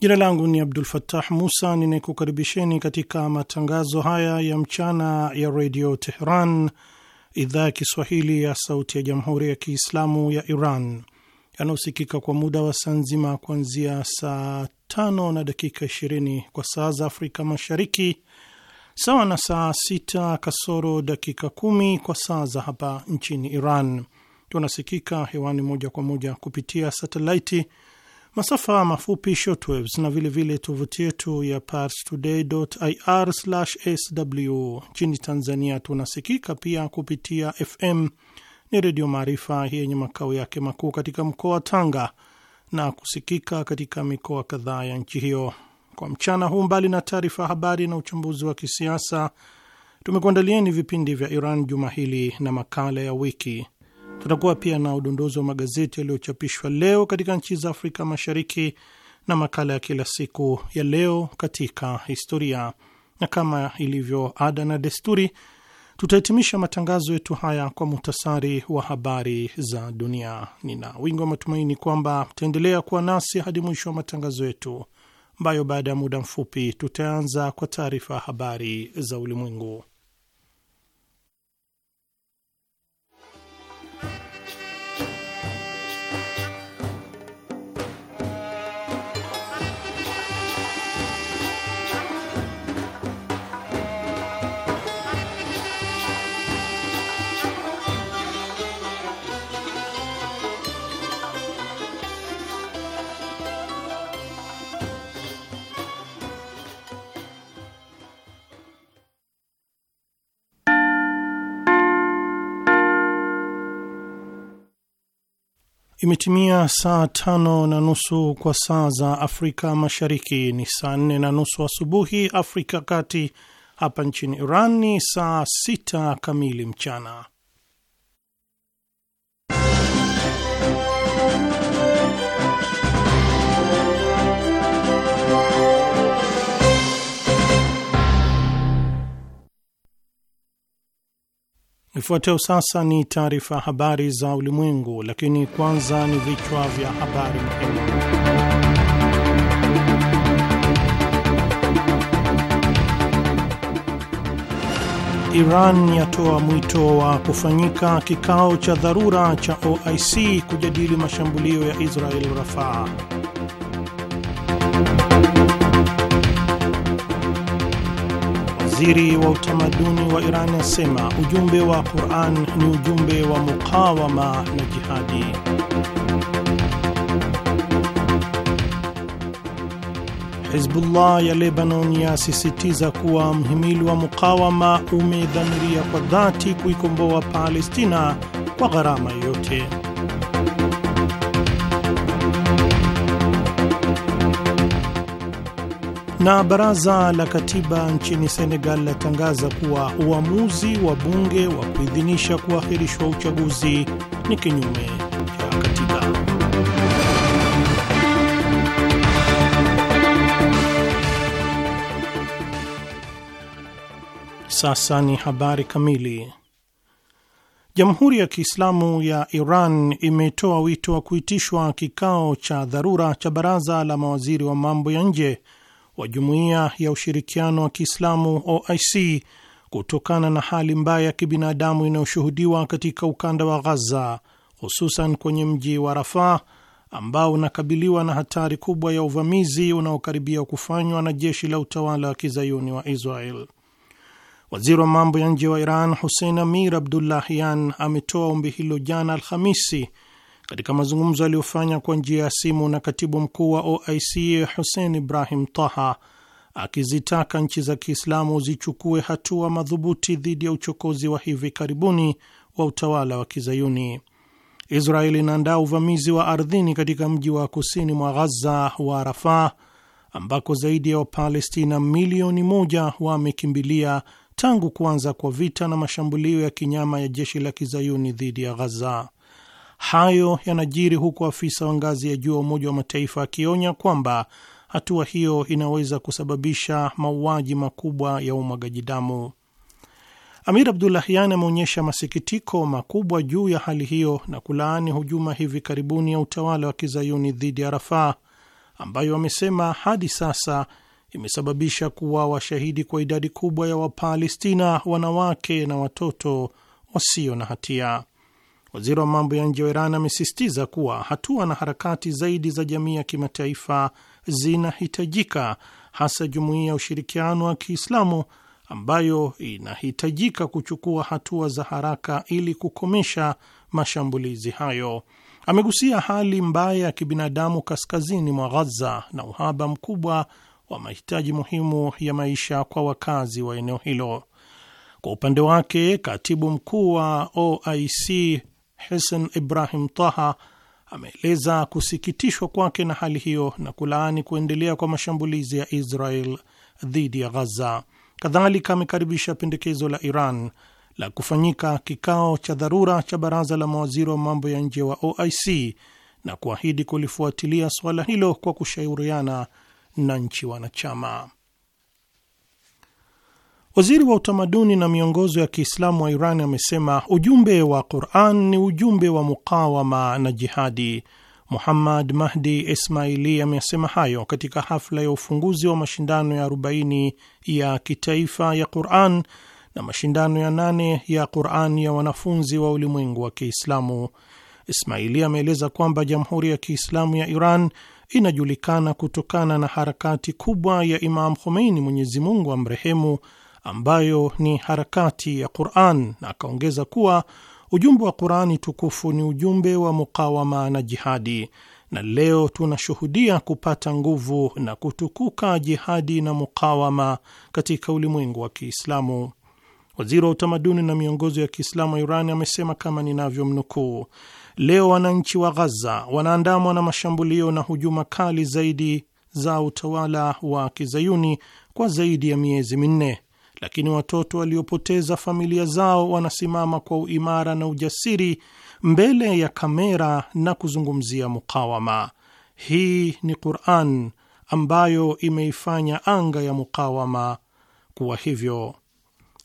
Jina langu ni Abdul fatah Musa, ninakukaribisheni katika matangazo haya ya mchana ya redio Teheran, idhaa ya Kiswahili ya sauti ya jamhuri ya Kiislamu ya Iran, yanayosikika kwa muda wa saa nzima kuanzia saa tano na dakika ishirini kwa saa za Afrika Mashariki, sawa na saa sita kasoro dakika kumi kwa saa za hapa nchini Iran. Tunasikika hewani moja kwa moja kupitia satelaiti masafa mafupi shortwaves na vilevile tovuti yetu ya parstoday.ir/sw. Nchini Tanzania tunasikika pia kupitia FM ni Redio Maarifa yenye makao yake makuu katika mkoa wa Tanga na kusikika katika mikoa kadhaa ya nchi hiyo. Kwa mchana huu, mbali na taarifa ya habari na uchambuzi wa kisiasa, tumekuandalieni vipindi vya Iran juma hili na makala ya wiki Tutakuwa pia na udondozi wa magazeti yaliyochapishwa leo katika nchi za Afrika Mashariki na makala ya kila siku ya leo katika historia, na kama ilivyo ada na desturi, tutahitimisha matangazo yetu haya kwa muhtasari wa habari za dunia. Nina wingi wa matumaini kwamba mtaendelea kuwa nasi hadi mwisho wa matangazo yetu ambayo baada ya muda mfupi tutaanza kwa taarifa ya habari za ulimwengu. Imetimia saa tano na nusu kwa saa za Afrika Mashariki, ni saa nne na nusu asubuhi Afrika Kati. Hapa nchini Iran ni saa sita kamili mchana. Ifuatayo sasa ni taarifa ya habari za ulimwengu, lakini kwanza ni vichwa vya habari muhimu. Iran yatoa mwito wa kufanyika kikao cha dharura cha OIC kujadili mashambulio ya Israel rafaa Waziri wa utamaduni wa Iran asema ujumbe wa Quran ni ujumbe wa mukawama na jihadi. Hizbullah ya Lebanon yasisitiza kuwa mhimili wa mukawama umedhamiria kwa dhati kuikomboa Palestina kwa gharama yoyote. Na baraza la katiba nchini Senegal latangaza kuwa uamuzi wa bunge wa kuidhinisha kuahirishwa uchaguzi ni kinyume cha katiba. Sasa ni habari kamili. Jamhuri ya Kiislamu ya Iran imetoa wito wa kuitishwa kikao cha dharura cha baraza la mawaziri wa mambo ya nje wa Jumuiya ya Ushirikiano wa Kiislamu OIC kutokana na hali mbaya ya kibinadamu inayoshuhudiwa katika ukanda wa Ghaza, hususan kwenye mji wa Rafah ambao unakabiliwa na hatari kubwa ya uvamizi unaokaribia kufanywa na jeshi la utawala wa kizayuni wa Israel. Waziri wa mambo ya nje wa Iran Hussein Amir Abdullahian ametoa ombi hilo jana Alhamisi katika mazungumzo aliyofanya kwa njia ya simu na katibu mkuu wa OIC Hussein Ibrahim Taha akizitaka nchi za Kiislamu zichukue hatua madhubuti dhidi ya uchokozi wa hivi karibuni wa utawala wa Kizayuni. Israeli inaandaa uvamizi wa ardhini katika mji wa kusini mwa Ghaza wa Rafah ambako zaidi ya Wapalestina milioni moja wamekimbilia tangu kuanza kwa vita na mashambulio ya kinyama ya jeshi la Kizayuni dhidi ya Ghaza. Hayo yanajiri huku afisa wa ngazi ya juu wa Umoja wa Mataifa akionya kwamba hatua hiyo inaweza kusababisha mauaji makubwa ya umwagaji damu. Amir Abdulahian ameonyesha masikitiko makubwa juu ya hali hiyo na kulaani hujuma hivi karibuni ya utawala wa kizayuni dhidi ya Rafaa ambayo amesema hadi sasa imesababisha kuwa washahidi kwa idadi kubwa ya Wapalestina, wanawake na watoto wasio na hatia. Waziri wa mambo ya nje wa Iran amesisitiza kuwa hatua na harakati zaidi za jamii ya kimataifa zinahitajika, hasa jumuiya ya ushirikiano wa Kiislamu ambayo inahitajika kuchukua hatua za haraka ili kukomesha mashambulizi hayo. Amegusia hali mbaya ya kibinadamu kaskazini mwa Ghaza na uhaba mkubwa wa mahitaji muhimu ya maisha kwa wakazi wa eneo hilo. Kwa upande wake, katibu mkuu wa OIC Hesen Ibrahim Taha ameeleza kusikitishwa kwake na hali hiyo na kulaani kuendelea kwa mashambulizi ya Israel dhidi ya Ghaza. Kadhalika amekaribisha pendekezo la Iran la kufanyika kikao cha dharura cha baraza la mawaziri wa mambo ya nje wa OIC na kuahidi kulifuatilia suala hilo kwa kushauriana na nchi wanachama. Waziri wa utamaduni na miongozo ya Kiislamu wa Iran amesema ujumbe wa Quran ni ujumbe wa mukawama na jihadi. Muhammad Mahdi Ismaili amesema hayo katika hafla ya ufunguzi wa mashindano ya 40 ya kitaifa ya Quran na mashindano ya nane ya Quran ya wanafunzi wa ulimwengu wa Kiislamu. Ismaili ameeleza kwamba Jamhuri ya Kiislamu ya Iran inajulikana kutokana na harakati kubwa ya Imam Khomeini, Mwenyezi Mungu amrehemu ambayo ni harakati ya Quran, na akaongeza kuwa ujumbe wa Qurani tukufu ni ujumbe wa mukawama na jihadi, na leo tunashuhudia kupata nguvu na kutukuka jihadi na mukawama katika ulimwengu wa Kiislamu. Waziri wa utamaduni na miongozo ya Kiislamu wa Iran amesema kama ninavyomnukuu: leo wananchi wa Ghaza wanaandamwa na mashambulio na hujuma kali zaidi za utawala wa kizayuni kwa zaidi ya miezi minne lakini watoto waliopoteza familia zao wanasimama kwa uimara na ujasiri mbele ya kamera na kuzungumzia mukawama. Hii ni Quran ambayo imeifanya anga ya mukawama kuwa hivyo.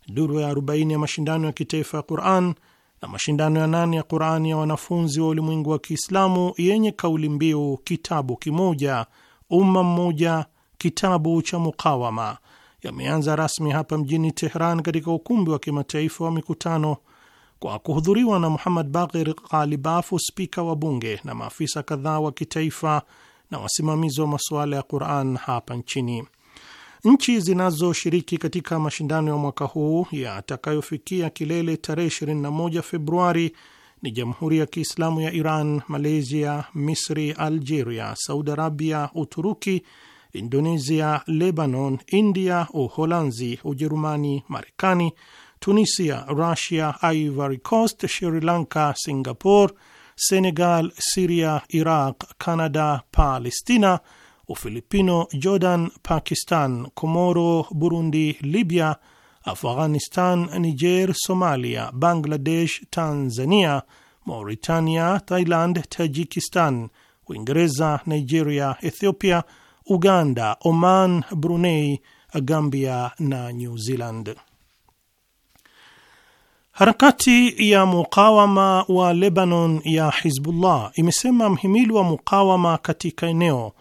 Duru ya 40 ya mashindano ya kitaifa ya Quran na mashindano ya nane ya Qurani ya wanafunzi wa ulimwengu wa Kiislamu yenye kauli mbiu kitabu kimoja, umma mmoja, kitabu cha mukawama yameanza rasmi hapa mjini Tehran katika ukumbi wa kimataifa wa mikutano kwa kuhudhuriwa na Muhammad Baqir Ghalibafu, spika wa bunge na maafisa kadhaa wa kitaifa na wasimamizi wa masuala ya Quran hapa nchini. Nchi zinazoshiriki katika mashindano ya mwaka huu yatakayofikia kilele tarehe 21 Februari ni Jamhuri ya Kiislamu ya Iran, Malaysia, Misri, Algeria, Saudi Arabia, Uturuki Indonesia, Lebanon, India, Uholanzi, Ujerumani, Marekani, Tunisia, Russia, Ivory Coast, Sri Lanka, Singapore, Senegal, Siria, Iraq, Canada, Palestina, Ufilipino, Jordan, Pakistan, Komoro, Burundi, Libya, Afghanistan, Niger, Somalia, Bangladesh, Tanzania, Mauritania, Thailand, Tajikistan, Uingereza, Nigeria, Ethiopia, Uganda, Oman, Brunei, Gambia na New Zealand. Harakati ya mukawama wa Lebanon ya Hizbullah imesema mhimili wa mukawama katika eneo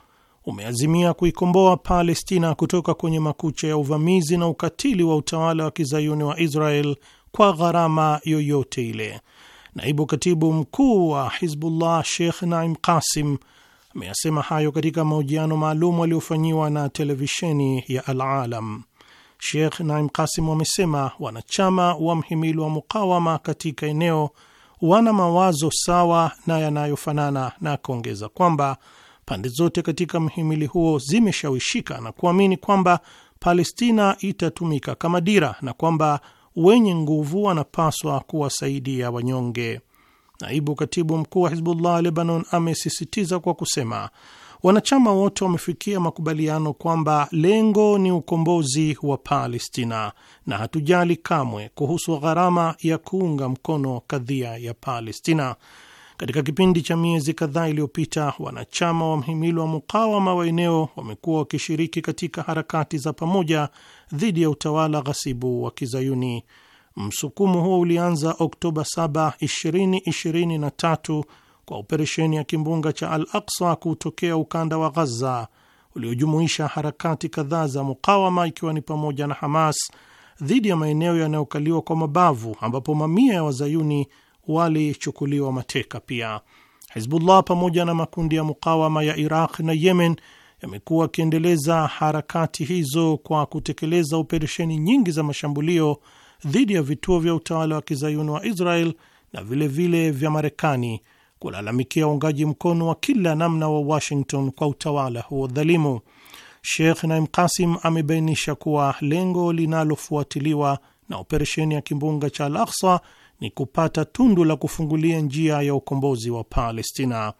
umeazimia kuikomboa Palestina kutoka kwenye makucha ya uvamizi na ukatili wa utawala wa kizayuni wa Israel kwa gharama yoyote ile. Naibu katibu mkuu wa Hizbullah Sheikh Naim Qasim ameyasema hayo katika mahojiano maalum aliyofanyiwa na televisheni ya Alalam. Sheikh Naim Kasim wamesema wanachama wa mhimili wa mukawama katika eneo wana mawazo sawa na yanayofanana, na akaongeza kwamba pande zote katika mhimili huo zimeshawishika na kuamini kwamba Palestina itatumika kama dira na kwamba wenye nguvu wanapaswa kuwasaidia wanyonge. Naibu katibu mkuu wa Hizbullah Lebanon amesisitiza kwa kusema wanachama wote wamefikia makubaliano kwamba lengo ni ukombozi wa Palestina na hatujali kamwe kuhusu gharama ya kuunga mkono kadhia ya Palestina. Katika kipindi cha miezi kadhaa iliyopita, wanachama wa mhimili wa mukawama wa eneo wamekuwa wakishiriki katika harakati za pamoja dhidi ya utawala ghasibu wa Kizayuni. Msukumo huo ulianza Oktoba 7, 2023 kwa operesheni ya kimbunga cha Al Aksa kutokea ukanda wa Ghaza uliojumuisha harakati kadhaa za mukawama ikiwa ni pamoja na Hamas dhidi ya maeneo yanayokaliwa kwa mabavu ambapo mamia ya wazayuni walichukuliwa mateka. Pia Hizbullah pamoja na makundi ya mukawama ya Iraq na Yemen yamekuwa akiendeleza harakati hizo kwa kutekeleza operesheni nyingi za mashambulio dhidi ya vituo vya utawala wa kizayuni wa Israel na vilevile vile vya Marekani kulalamikia uungaji mkono wa kila namna wa Washington kwa utawala huo dhalimu. Sheikh Naim Kasim amebainisha kuwa lengo linalofuatiliwa na operesheni ya kimbunga cha al aksa ni kupata tundu la kufungulia njia ya ukombozi wa Palestina.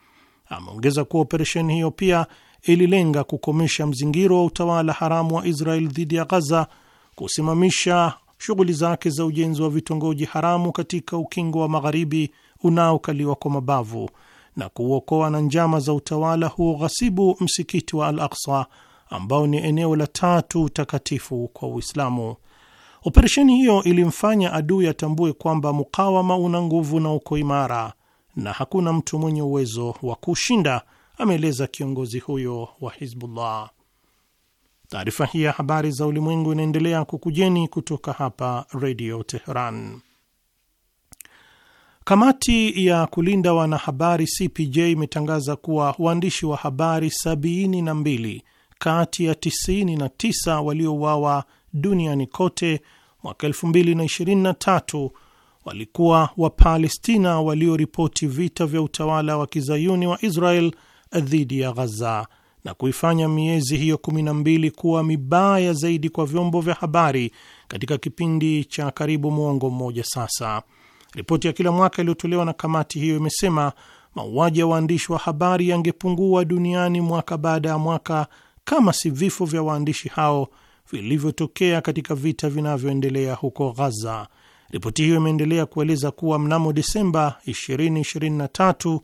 Ameongeza kuwa operesheni hiyo pia ililenga kukomesha mzingiro wa utawala haramu wa Israel dhidi ya Ghaza, kusimamisha shughuli zake za ujenzi wa vitongoji haramu katika ukingo wa magharibi unaokaliwa kwa mabavu na kuuokoa na njama za utawala huo ghasibu msikiti wa Al Aksa ambao ni eneo la tatu takatifu kwa Uislamu. Operesheni hiyo ilimfanya adui atambue kwamba mukawama una nguvu na uko imara na hakuna mtu mwenye uwezo wa kushinda, ameeleza kiongozi huyo wa Hizbullah. Taarifa hii ya habari za ulimwengu inaendelea kukujeni kutoka hapa Redio Teheran. Kamati ya kulinda wanahabari CPJ imetangaza kuwa waandishi wa habari 72 kati ya 99 waliouawa duniani kote mwaka 2023 walikuwa Wapalestina walioripoti vita vya utawala wa kizayuni wa Israel dhidi ya Ghaza na kuifanya miezi hiyo kumi na mbili kuwa mibaya zaidi kwa vyombo vya habari katika kipindi cha karibu mwongo mmoja sasa. Ripoti ya kila mwaka iliyotolewa na kamati hiyo imesema mauaji ya waandishi wa habari yangepungua duniani mwaka baada ya mwaka kama si vifo vya waandishi hao vilivyotokea katika vita vinavyoendelea huko Ghaza. Ripoti hiyo imeendelea kueleza kuwa mnamo Desemba 2023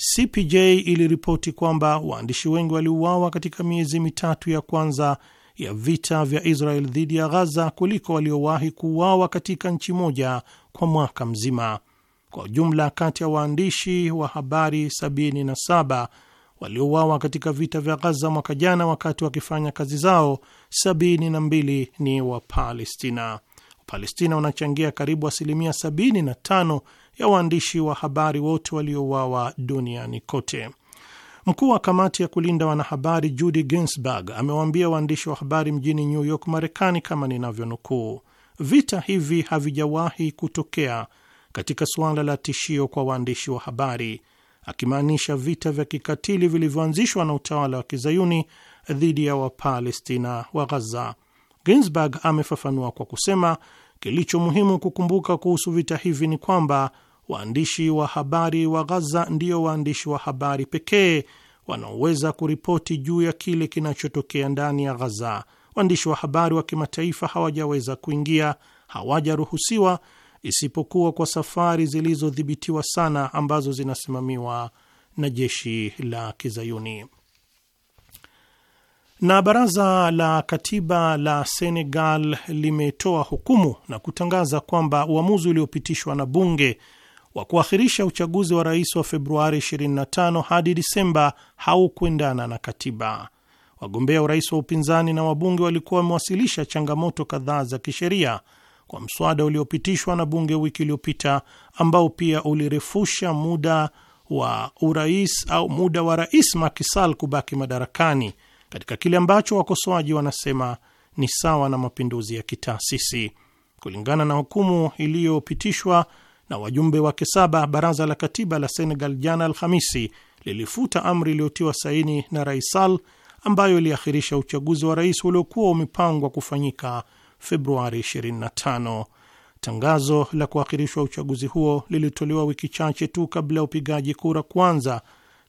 CPJ iliripoti kwamba waandishi wengi waliuawa katika miezi mitatu ya kwanza ya vita vya Israel dhidi ya Ghaza kuliko waliowahi kuuawa katika nchi moja kwa mwaka mzima. Kwa ujumla, kati ya waandishi wa habari 77 waliouawa katika vita vya Ghaza mwaka jana wakati wakifanya kazi zao, 72 ni Wapalestina. Wapalestina wanachangia karibu asilimia 75 ya waandishi wa habari wote waliouawa duniani kote. Mkuu wa kamati ya kulinda wanahabari Judy Ginsburg amewaambia waandishi wa habari mjini New York, Marekani, kama ninavyonukuu, vita hivi havijawahi kutokea katika suala la tishio kwa waandishi wa habari, akimaanisha vita vya kikatili vilivyoanzishwa na utawala wa kizayuni dhidi ya Wapalestina wa Ghaza. Ginsburg amefafanua kwa kusema kilicho muhimu kukumbuka kuhusu vita hivi ni kwamba waandishi wa habari wa Ghaza ndio waandishi wa habari pekee wanaoweza kuripoti juu ya kile kinachotokea ndani ya Ghaza. Waandishi wa habari wa kimataifa hawajaweza kuingia, hawajaruhusiwa, isipokuwa kwa safari zilizodhibitiwa sana ambazo zinasimamiwa na jeshi la Kizayuni. Na baraza la katiba la Senegal limetoa hukumu na kutangaza kwamba uamuzi uliopitishwa na bunge wa kuahirisha uchaguzi wa rais wa Februari 25 hadi Disemba haukuendana na katiba. Wagombea urais wa upinzani na wabunge walikuwa wamewasilisha changamoto kadhaa za kisheria kwa mswada uliopitishwa na bunge wiki iliyopita ambao pia ulirefusha muda wa urais au muda wa rais Macky Sall kubaki madarakani katika kile ambacho wakosoaji wanasema ni sawa na mapinduzi ya kitaasisi. Kulingana na hukumu iliyopitishwa na wajumbe wake saba, baraza la katiba la Senegal jana Alhamisi lilifuta amri iliyotiwa saini na Rais Sall ambayo iliakhirisha uchaguzi wa rais uliokuwa umepangwa kufanyika Februari 25. Tangazo la kuakhirishwa uchaguzi huo lilitolewa wiki chache tu kabla ya upigaji kura kuanza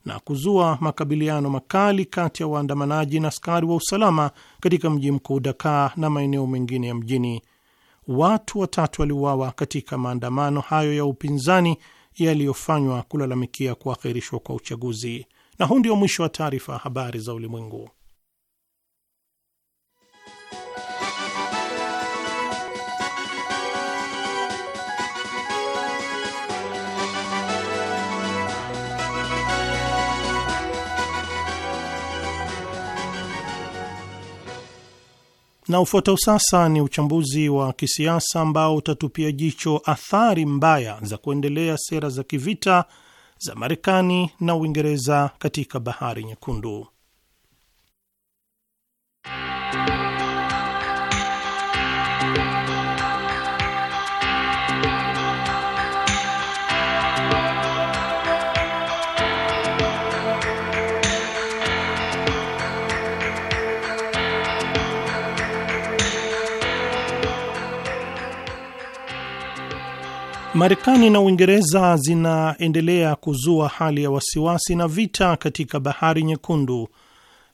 na kuzua makabiliano makali kati ya waandamanaji na askari wa usalama katika mji mkuu Dakar na maeneo mengine ya mjini watu watatu waliuawa katika maandamano hayo ya upinzani yaliyofanywa kulalamikia kuahirishwa kwa uchaguzi. Na huu ndio mwisho wa taarifa ya habari za ulimwengu. Na ufuatao sasa ni uchambuzi wa kisiasa ambao utatupia jicho athari mbaya za kuendelea sera za kivita za Marekani na Uingereza katika Bahari Nyekundu. Marekani na Uingereza zinaendelea kuzua hali ya wasiwasi na vita katika Bahari Nyekundu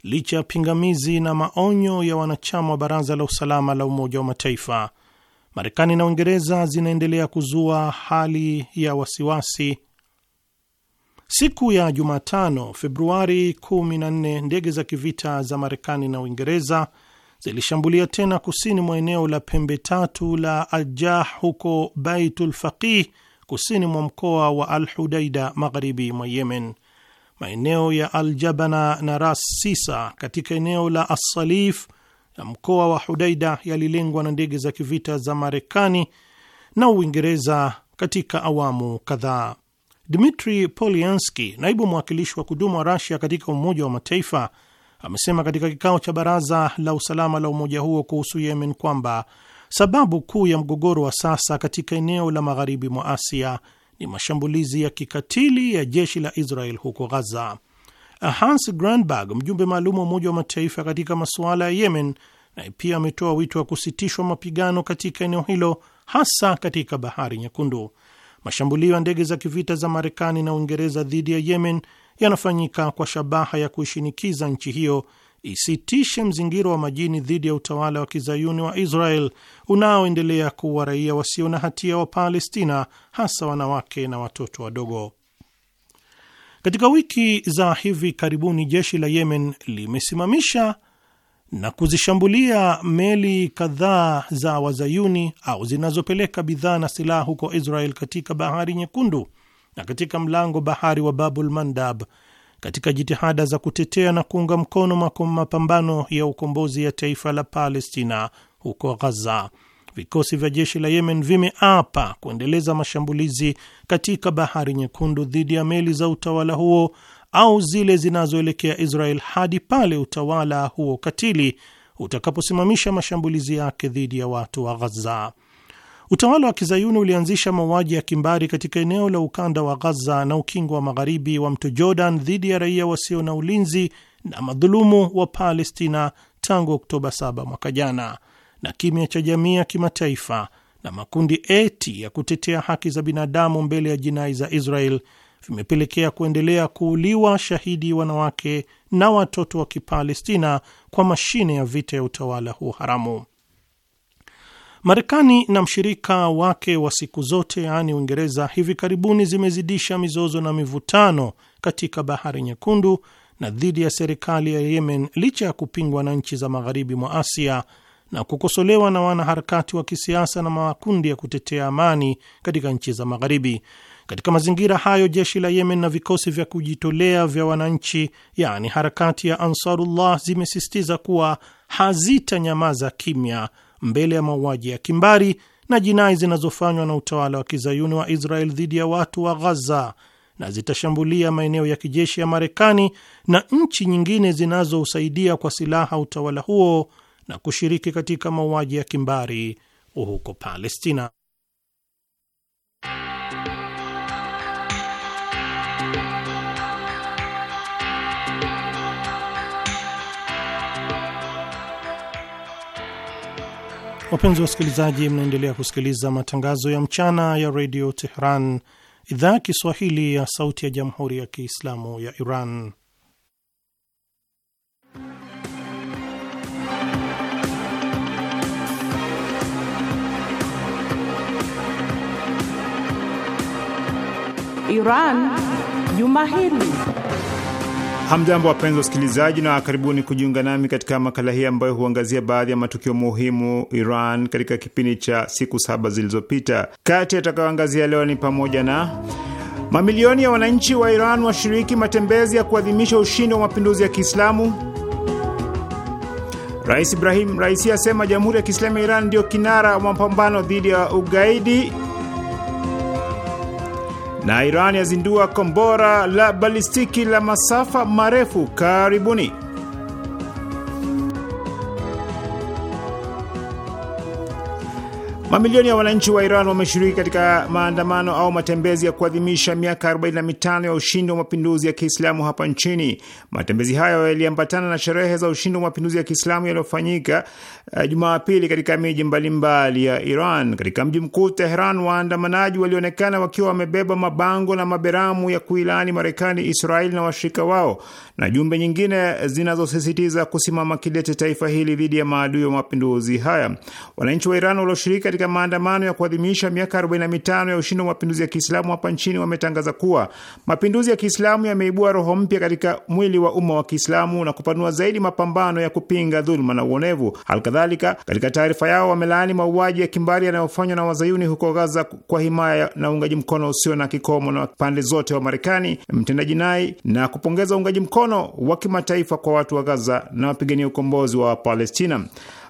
licha ya pingamizi na maonyo ya wanachama wa Baraza la Usalama la Umoja wa Mataifa. Marekani na Uingereza zinaendelea kuzua hali ya wasiwasi. Siku ya Jumatano, Februari 14, ndege za kivita za Marekani na Uingereza zilishambulia tena kusini mwa eneo la pembe tatu la Aljah huko Baitul Faqih kusini mwa mkoa wa Al Hudaida magharibi mwa Yemen. Maeneo ya al jabana na Ras Sisa katika eneo la Assalif na mkoa wa Hudaida yalilengwa na ndege za kivita za Marekani na Uingereza katika awamu kadhaa. Dmitri Polyanski, naibu mwakilishi wa kudumu wa Rasia katika Umoja wa Mataifa, amesema katika kikao cha baraza la usalama la umoja huo kuhusu Yemen kwamba sababu kuu ya mgogoro wa sasa katika eneo la magharibi mwa Asia ni mashambulizi ya kikatili ya jeshi la Israel huko Ghaza. Hans Grundberg, mjumbe maalum wa Umoja wa Mataifa katika masuala ya Yemen, naye pia ametoa wito wa kusitishwa mapigano katika eneo hilo, hasa katika Bahari Nyekundu. Mashambulio ya ndege za kivita za Marekani na Uingereza dhidi ya Yemen yanafanyika kwa shabaha ya kuishinikiza nchi hiyo isitishe mzingiro wa majini dhidi ya utawala wa kizayuni wa Israel unaoendelea kuwa raia wasio na hatia wa Palestina, hasa wanawake na watoto wadogo. Katika wiki za hivi karibuni, jeshi la Yemen limesimamisha na kuzishambulia meli kadhaa za wazayuni au zinazopeleka bidhaa na silaha huko Israel katika Bahari Nyekundu na katika mlango bahari wa Babul Mandab katika jitihada za kutetea na kuunga mkono mapambano ya ukombozi ya taifa la Palestina huko Ghaza. Vikosi vya jeshi la Yemen vimeapa kuendeleza mashambulizi katika bahari nyekundu dhidi ya meli za utawala huo au zile zinazoelekea Israel hadi pale utawala huo katili utakaposimamisha mashambulizi yake dhidi ya watu wa Ghaza. Utawala wa kizayuni ulianzisha mauaji ya kimbari katika eneo la ukanda wa Ghaza na ukingo wa magharibi wa mto Jordan dhidi ya raia wasio na ulinzi na madhulumu wa Palestina tangu Oktoba 7 mwaka jana, na kimya cha jamii ya kimataifa na makundi eti ya kutetea haki za binadamu mbele ya jinai za Israel vimepelekea kuendelea kuuliwa shahidi wanawake na watoto wa Kipalestina kwa mashine ya vita ya utawala huu haramu. Marekani na mshirika wake wa siku zote yaani Uingereza hivi karibuni zimezidisha mizozo na mivutano katika Bahari Nyekundu na dhidi ya serikali ya Yemen licha ya kupingwa na nchi za magharibi mwa Asia na kukosolewa na wanaharakati wa kisiasa na makundi ya kutetea amani katika nchi za magharibi. Katika mazingira hayo, jeshi la Yemen na vikosi vya kujitolea vya wananchi, yaani harakati ya Ansarullah, zimesisitiza kuwa hazitanyamaza kimya mbele ya mauaji ya kimbari na jinai zinazofanywa na utawala wa kizayuni wa Israel dhidi ya watu wa Ghaza na zitashambulia maeneo ya kijeshi ya Marekani na nchi nyingine zinazousaidia kwa silaha utawala huo na kushiriki katika mauaji ya kimbari huko Palestina. Wapenzi wa wasikilizaji, mnaendelea kusikiliza matangazo ya mchana ya redio Tehran, idhaa ya Kiswahili ya sauti ya jamhuri ya Kiislamu ya Iran. Iran Juma Hili. Hamjambo, wapenzi wasikilizaji, na karibuni kujiunga nami katika makala hii ambayo huangazia baadhi ya matukio muhimu Iran katika kipindi cha siku saba zilizopita. Kati yatakayoangazia leo ni pamoja na mamilioni ya wananchi wa Iran washiriki matembezi ya kuadhimisha ushindi wa mapinduzi ya Kiislamu, Rais Ibrahim Raisi asema Jamhuri ya Kiislamu ya Iran ndiyo kinara wa mapambano dhidi ya ugaidi na Iran yazindua kombora la balistiki la masafa marefu. Karibuni. Mamilioni ya wananchi wa Iran wameshiriki katika maandamano au matembezi ya kuadhimisha miaka 45 ya ushindi wa mapinduzi ya Kiislamu hapa nchini. Matembezi hayo yaliambatana na sherehe za ushindi wa mapinduzi ya Kiislamu yaliyofanyika uh, Jumapili katika miji mbalimbali ya Iran. Katika mji mkuu Tehran, waandamanaji walionekana wakiwa wamebeba mabango na maberamu ya kuilani Marekani, Israeli na washirika wao na jumbe nyingine zinazosisitiza kusimama kidete taifa hili dhidi ya maadui wa mapinduzi haya. Wananchi wa Iran walioshiriki katika katika maandamano ya kuadhimisha miaka 45 ya ushindi wa mapinduzi ya Kiislamu hapa nchini wametangaza kuwa mapinduzi ya Kiislamu yameibua roho mpya katika mwili wa umma wa Kiislamu na kupanua zaidi mapambano ya kupinga dhuluma na uonevu. Halikadhalika, katika taarifa yao wamelaani mauaji ya kimbari yanayofanywa na wazayuni huko Gaza kwa himaya na uungaji mkono usio na kikomo na pande zote wa Marekani mtendaji jinai na kupongeza uungaji mkono wa kimataifa kwa watu wa Gaza na wapigania ukombozi wa Palestina.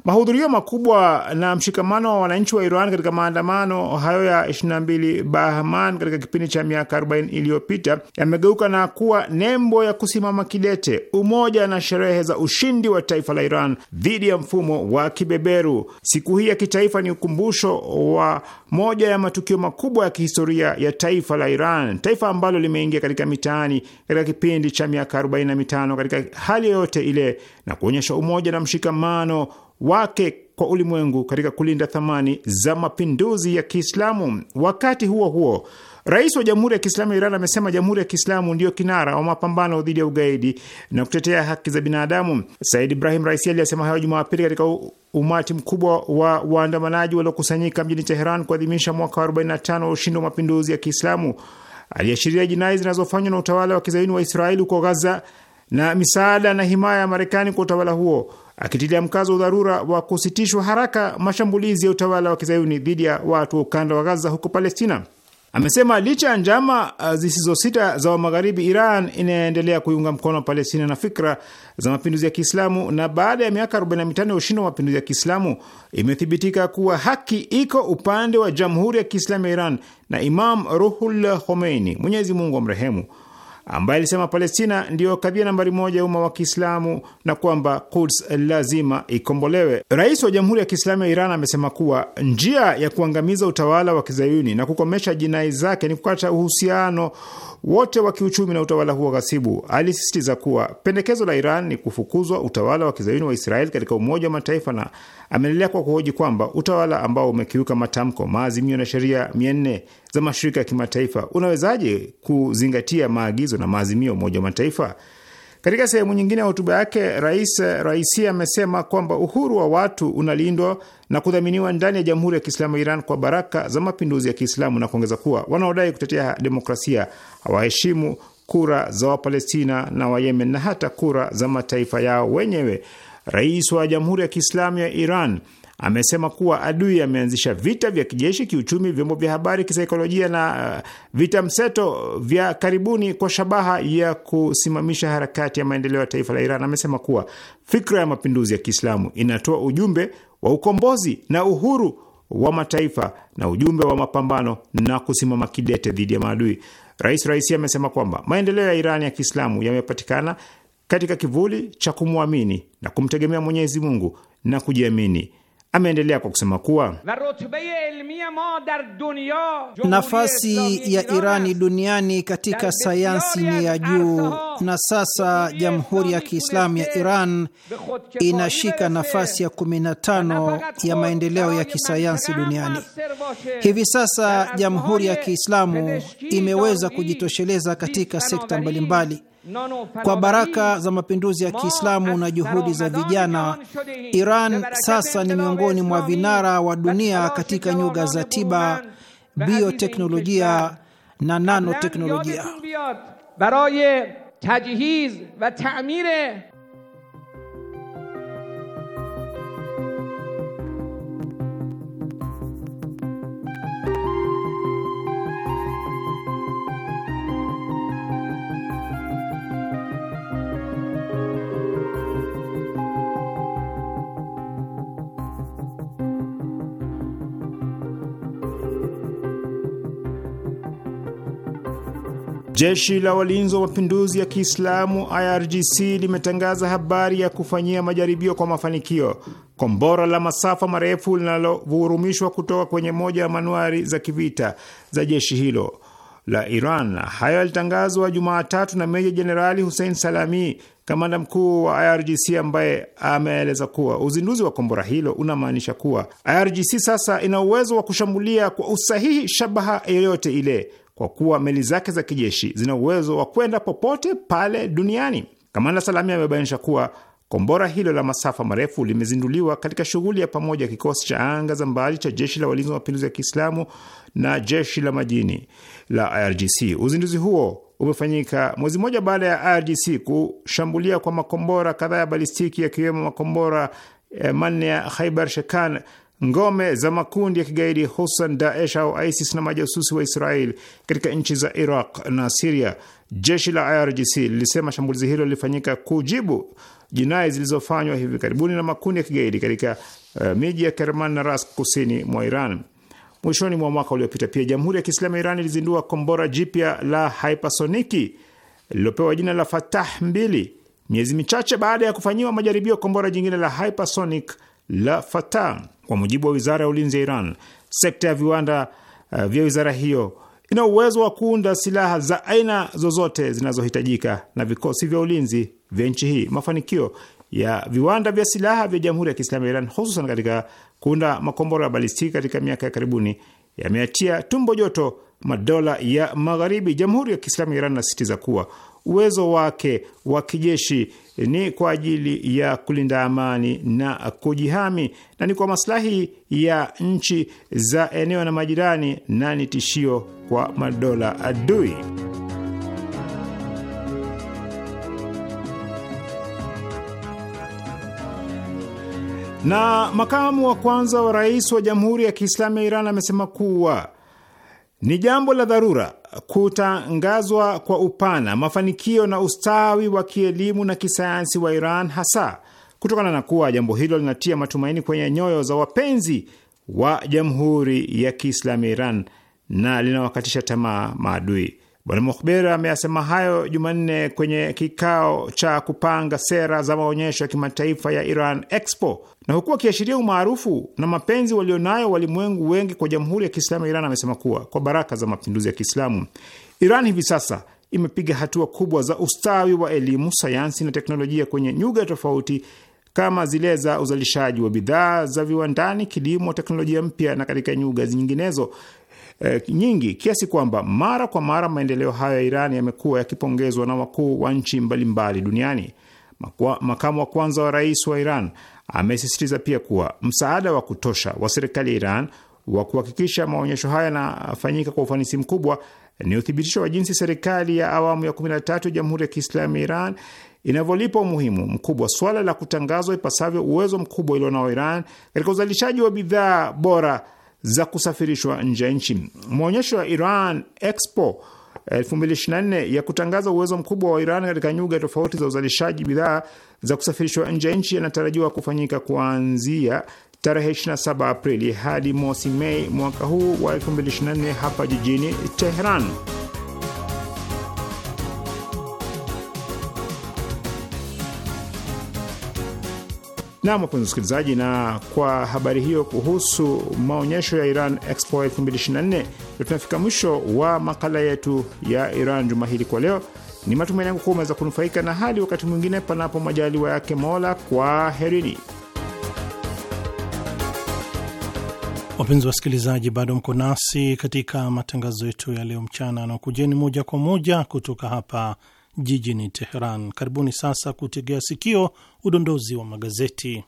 Mahudhurio makubwa na mshikamano wa wananchi wa Iran katika maandamano hayo ya 22 Bahman katika kipindi cha miaka 40 iliyopita yamegeuka na kuwa nembo ya kusimama kidete, umoja na sherehe za ushindi wa taifa la Iran dhidi ya mfumo wa kibeberu. Siku hii ya kitaifa ni ukumbusho wa moja ya matukio makubwa ya kihistoria ya taifa la Iran, taifa ambalo limeingia katika mitaani katika kipindi cha miaka 45 katika hali yoyote ile na kuonyesha umoja na mshikamano wake kwa ulimwengu katika kulinda thamani za mapinduzi ya Kiislamu. Wakati huo huo, rais wa Jamhuri ya Kiislamu ya Iran amesema Jamhuri ya Kiislamu ndiyo kinara wa mapambano dhidi ya ugaidi na kutetea haki za binadamu. Said Ibrahim Raisi aliyesema hayo Jumapili katika umati mkubwa wa waandamanaji waliokusanyika mjini Teheran kuadhimisha mwaka wa 45 wa ushindi wa mapinduzi ya Kiislamu. Aliashiria jinai zinazofanywa na utawala wa kizaini wa Israeli huko Gaza na misaada na himaya ya Marekani kwa utawala huo akitilia mkazo udharura wa kusitishwa haraka mashambulizi ya utawala wa kizayuni dhidi ya watu wa ukanda wa Gaza huko Palestina. Amesema licha ya njama uh, zisizosita za Wamagharibi, Iran inaendelea kuiunga mkono Palestina na fikra za mapinduzi ya Kiislamu, na baada ya miaka 45 ya ushindi wa mapinduzi ya Kiislamu imethibitika kuwa haki iko upande wa Jamhuri ya Kiislamu ya Iran na Imam Ruhul Khomeini, Mwenyezi Mungu amrehemu, ambaye alisema Palestina ndiyo kadhia nambari moja ya umma wa Kiislamu na kwamba Quds lazima ikombolewe. Rais wa Jamhuri ya Kiislamu ya Iran amesema kuwa njia ya kuangamiza utawala wa kizayuni na kukomesha jinai zake ni kukata uhusiano wote wa kiuchumi na utawala huo ghasibu. Alisisitiza kuwa pendekezo la Iran ni kufukuzwa utawala wa kizayuni wa Israeli katika Umoja wa Mataifa, na ameendelea kwa kuhoji kwamba utawala ambao umekiuka matamko, maazimio na sheria mia nne za mashirika ya kimataifa unawezaje kuzingatia maagizo na maazimio ya Umoja wa Mataifa? Katika sehemu nyingine ya hotuba yake, Rais eh, Raisi amesema kwamba uhuru wa watu unalindwa na kudhaminiwa ndani ya Jamhuri ya Kiislamu ya Iran kwa baraka za mapinduzi ya Kiislamu na kuongeza kuwa wanaodai kutetea demokrasia hawaheshimu kura za Wapalestina na Wayemen na hata kura za mataifa yao wenyewe. Rais wa Jamhuri ya Kiislamu ya Iran amesema kuwa adui ameanzisha vita vya kijeshi, kiuchumi, vyombo vya habari, kisaikolojia na uh, vita mseto vya karibuni kwa shabaha ya kusimamisha harakati ya maendeleo ya taifa la Iran. Amesema kuwa fikra ya mapinduzi ya Kiislamu inatoa ujumbe wa ukombozi na uhuru wa mataifa na ujumbe wa mapambano na kusimama kidete dhidi ya maadui. Rais Raisi amesema kwamba maendeleo ya Iran ya Kiislamu yamepatikana katika kivuli cha kumwamini na kumtegemea Mwenyezi Mungu na kujiamini Ameendelea kwa kusema kuwa nafasi ya Irani duniani katika sayansi ni ya juu, na sasa Jamhuri ya Kiislamu ya Iran inashika nafasi ya 15 ya maendeleo ya kisayansi duniani. Hivi sasa Jamhuri ya Kiislamu imeweza kujitosheleza katika sekta mbalimbali mbali. Kwa baraka za mapinduzi ya Kiislamu na juhudi za vijana, Iran sasa ni miongoni mwa vinara wa dunia katika nyuga za tiba, bioteknolojia na nanoteknolojia. Jeshi la walinzi wa mapinduzi ya Kiislamu IRGC limetangaza habari ya kufanyia majaribio kwa mafanikio kombora la masafa marefu linalovurumishwa kutoka kwenye moja ya manuari za kivita za jeshi hilo la Iran. Hayo yalitangazwa Jumatatu na Meja Jenerali Hussein Salami, kamanda mkuu wa IRGC, ambaye ameeleza kuwa uzinduzi wa kombora hilo unamaanisha kuwa IRGC sasa ina uwezo wa kushambulia kwa usahihi shabaha yoyote ile kwa kuwa meli zake za kijeshi zina uwezo wa kwenda popote pale duniani. Kamanda Salami amebainisha kuwa kombora hilo la masafa marefu limezinduliwa katika shughuli ya pamoja kikosi cha anga za mbali cha jeshi la walinzi wa mapinduzi ya Kiislamu na jeshi la majini la IRGC. Uzinduzi huo umefanyika mwezi mmoja baada ya IRGC kushambulia kwa makombora kadhaa ya balistiki yakiwemo makombora eh, manne ya Khaibar Shekan ngome za makundi ya kigaidi hususan Daesh au ISIS na majasusi wa Israel katika nchi za Iraq na Siria. Jeshi la IRGC lilisema shambulizi hilo lilifanyika kujibu jinai zilizofanywa hivi karibuni na makundi ya kigaidi katika uh, miji ya Kerman na Rask kusini mwa Iran. Mwishoni mwa mwaka uliopita pia Jamhuri ya Kiislamu ya Iran ilizindua kombora jipya la hypersoniki lililopewa jina la Fatah mbili, miezi michache baada ya kufanyiwa majaribio kombora jingine la hypersonic la Fatah. Kwa mujibu wa wizara ya ulinzi ya Iran, sekta ya viwanda uh, vya wizara hiyo ina uwezo wa kuunda silaha za aina zozote zinazohitajika na vikosi vya ulinzi vya nchi hii. Mafanikio ya viwanda vya silaha vya Jamhuri ya Kiislamu ya Iran, hususan katika kuunda makombora ya balistiki katika miaka ya karibuni, yameatia tumbo joto madola ya Magharibi. Jamhuri ya Kiislamu ya Iran inasisitiza kuwa uwezo wake wa kijeshi ni kwa ajili ya kulinda amani na kujihami na ni kwa maslahi ya nchi za eneo na majirani na ni tishio kwa madola adui. Na makamu wa kwanza wa rais wa Jamhuri ya Kiislamu ya Iran amesema kuwa ni jambo la dharura kutangazwa kwa upana mafanikio na ustawi wa kielimu na kisayansi wa Iran, hasa kutokana na kuwa jambo hilo linatia matumaini kwenye nyoyo za wapenzi wa Jamhuri ya Kiislamu ya Iran na linawakatisha tamaa maadui. Bwana Mukhbir ameyasema hayo Jumanne kwenye kikao cha kupanga sera za maonyesho ya kimataifa ya Iran Expo, na huku akiashiria umaarufu na mapenzi walionayo walimwengu wengi kwa Jamhuri ya Kiislamu ya Iran, amesema kuwa kwa baraka za mapinduzi ya Kiislamu, Iran hivi sasa imepiga hatua kubwa za ustawi wa elimu, sayansi na teknolojia kwenye nyuga tofauti kama zile za uzalishaji wa bidhaa za viwandani, kilimo, teknolojia mpya na katika nyuga nyinginezo eh, nyingi kiasi kwamba mara kwa mara maendeleo hayo ya Iran yamekuwa yakipongezwa na wakuu wa nchi mbalimbali duniani. Makua, makamu wa kwanza wa rais wa Iran amesisitiza pia kuwa msaada wa kutosha wa serikali ya Iran wa kuhakikisha maonyesho haya yanafanyika kwa ufanisi mkubwa ni uthibitisho wa jinsi serikali ya awamu ya 13 ya Jamhuri ya Kiislamu ya Iran inavyolipa umuhimu mkubwa swala la kutangazwa ipasavyo uwezo mkubwa ilionao Iran katika uzalishaji wa bidhaa bora za kusafirishwa nje ya nchi. Maonyesho ya Iran Expo 2024 eh, ya kutangaza uwezo mkubwa wa Iran katika nyuga tofauti za uzalishaji bidhaa za kusafirishwa nje ya nchi yanatarajiwa kufanyika kuanzia tarehe 27 Aprili hadi mosi Mei mwaka huu wa 2024 hapa jijini Teheran. Nam, wapenzi wasikilizaji, na kwa habari hiyo kuhusu maonyesho ya Iran Expo 2024 tunafika mwisho wa makala yetu ya Iran juma hili kwa leo. Ni matumaini yangu kuwa umeweza kunufaika, na hadi wakati mwingine, panapo majaliwa yake Mola, kwa herini. Wapenzi wasikilizaji, bado mko nasi katika matangazo yetu ya leo mchana, na kujeni moja kwa moja kutoka hapa jijini Teheran. Karibuni sasa kutegea sikio udondozi wa magazeti.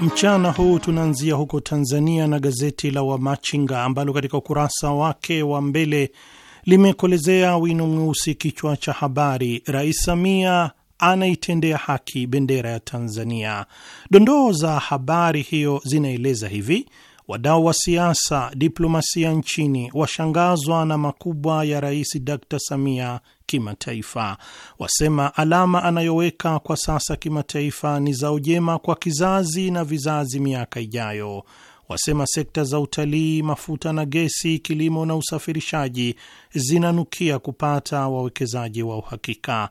Mchana huu tunaanzia huko Tanzania na gazeti la Wamachinga ambalo katika ukurasa wake wa mbele limekolezea wino mweusi kichwa cha habari, Rais Samia anaitendea haki bendera ya Tanzania. Dondoo za habari hiyo zinaeleza hivi: wadau wa siasa, diplomasia nchini washangazwa na makubwa ya Rais Dr Samia kimataifa, wasema alama anayoweka kwa sasa kimataifa ni za ujema kwa kizazi na vizazi miaka ijayo wasema sekta za utalii, mafuta na gesi, kilimo na usafirishaji zinanukia kupata wawekezaji wa uhakika.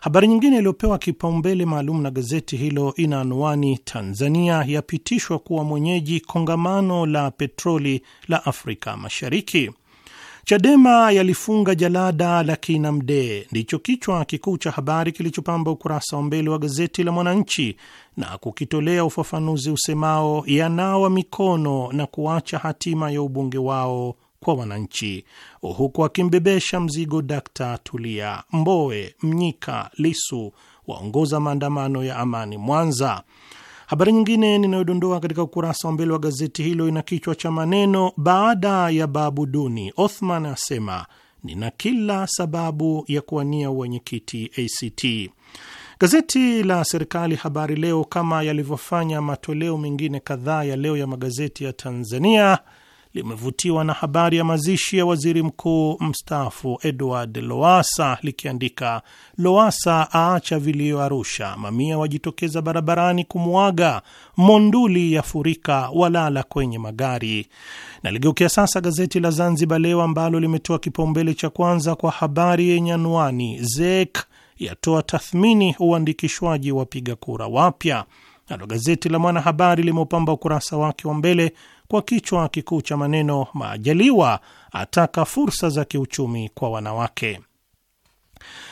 Habari nyingine iliyopewa kipaumbele maalum na gazeti hilo ina anwani Tanzania yapitishwa kuwa mwenyeji kongamano la petroli la Afrika Mashariki. Chadema yalifunga jalada la kina Mdee, ndicho kichwa kikuu cha habari kilichopamba ukurasa wa mbele wa gazeti la Mwananchi na kukitolea ufafanuzi usemao yanawa mikono na kuacha hatima ya ubunge wao kwa wananchi, huku akimbebesha mzigo d Tulia. Mbowe, Mnyika, Lisu waongoza maandamano ya amani Mwanza. Habari nyingine ninayodondoa katika ukurasa wa mbele wa gazeti hilo ina kichwa cha maneno baada ya babu duni, Othman asema nina kila sababu ya kuwania uwenyekiti ACT. Gazeti la serikali Habari Leo, kama yalivyofanya matoleo mengine kadhaa ya leo ya magazeti ya Tanzania, limevutiwa na habari ya mazishi ya waziri mkuu mstaafu Edward Lowasa likiandika, Lowasa aacha vilio Arusha, mamia wajitokeza barabarani kumwaga, Monduli yafurika, walala kwenye magari. ligeukia sasa gazeti la Zanzibar Leo ambalo limetoa kipaumbele cha kwanza kwa habari yenye anwani ZEK yatoa tathmini uandikishwaji wapiga kura wapya. Nalo gazeti la Mwanahabari limeupamba ukurasa wake wa mbele kwa kichwa kikuu cha maneno Majaliwa ataka fursa za kiuchumi kwa wanawake.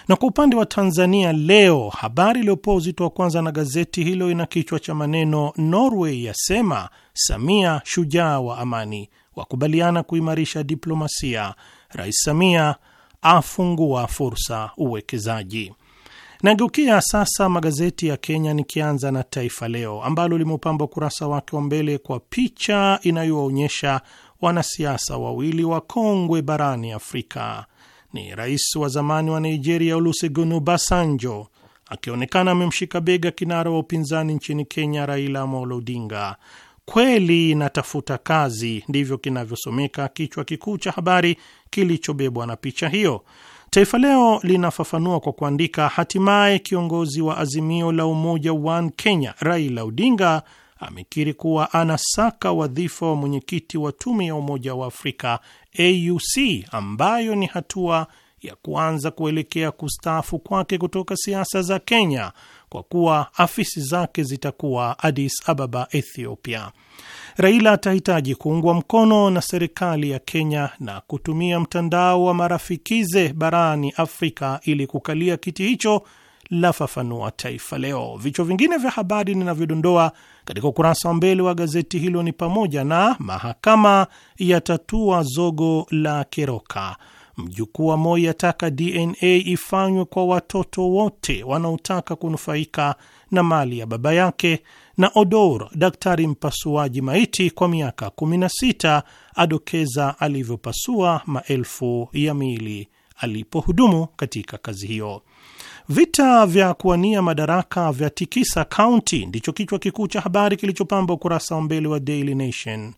Na kwa upande wa Tanzania leo, habari iliyopoa uzito wa kwanza na gazeti hilo ina kichwa cha maneno Norway yasema Samia shujaa wa amani, wakubaliana kuimarisha diplomasia, Rais Samia afungua fursa uwekezaji. Nageukia sasa magazeti ya Kenya, nikianza na Taifa Leo ambalo limeupamba ukurasa wake wa mbele kwa picha inayowaonyesha wanasiasa wawili wakongwe barani Afrika. Ni rais wa zamani wa Nigeria Olusegun Obasanjo akionekana amemshika bega kinara wa upinzani nchini Kenya Raila Amolo Odinga. Kweli natafuta kazi, ndivyo kinavyosomeka kichwa kikuu cha habari kilichobebwa na picha hiyo. Taifa Leo linafafanua kwa kuandika, hatimaye kiongozi wa Azimio la Umoja One Kenya Raila Odinga amekiri kuwa anasaka wadhifa wa mwenyekiti wa tume ya Umoja wa Afrika AUC, ambayo ni hatua ya kuanza kuelekea kustaafu kwake kutoka siasa za Kenya kwa kuwa afisi zake zitakuwa Addis Ababa, Ethiopia. Raila atahitaji kuungwa mkono na serikali ya Kenya na kutumia mtandao wa marafikize barani Afrika ili kukalia kiti hicho la Fafanua Taifa Leo. Vichwa vingine vya habari ninavyodondoa katika ukurasa wa mbele wa gazeti hilo ni pamoja na mahakama yatatua zogo la Keroka, mjukuu wa Moi ataka DNA ifanywe kwa watoto wote wanaotaka kunufaika na mali ya baba yake, na Odor, daktari mpasuaji maiti kwa miaka 16, adokeza alivyopasua maelfu ya miili alipohudumu katika kazi hiyo. Vita vya kuwania madaraka vya tikisa kaunti ndicho kichwa kikuu cha habari kilichopamba ukurasa wa mbele wa Daily Nation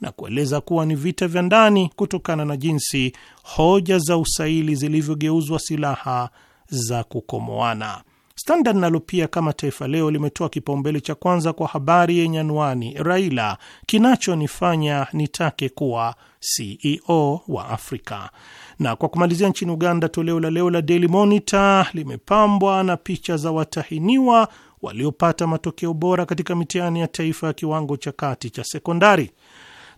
na kueleza kuwa ni vita vya ndani kutokana na jinsi hoja za usaili zilivyogeuzwa silaha za kukomoana. Standard nalo pia kama Taifa Leo limetoa kipaumbele cha kwanza kwa habari yenye anwani Raila, kinachonifanya nitake kuwa CEO wa Afrika. Na kwa kumalizia, nchini Uganda, toleo la leo la Daily Monitor limepambwa na picha za watahiniwa waliopata matokeo bora katika mitihani ya taifa ya kiwango cha kati cha sekondari.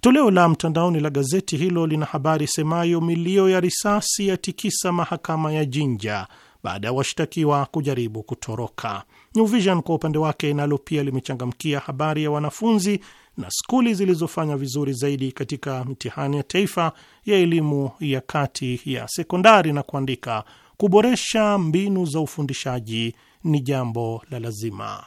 Toleo la mtandaoni la gazeti hilo lina habari semayo milio ya risasi yatikisa mahakama ya Jinja baada ya washtakiwa kujaribu kutoroka. New Vision kwa upande wake nalo pia limechangamkia habari ya wanafunzi na skuli zilizofanya vizuri zaidi katika mitihani ya taifa ya elimu ya kati ya sekondari na kuandika, kuboresha mbinu za ufundishaji ni jambo la lazima.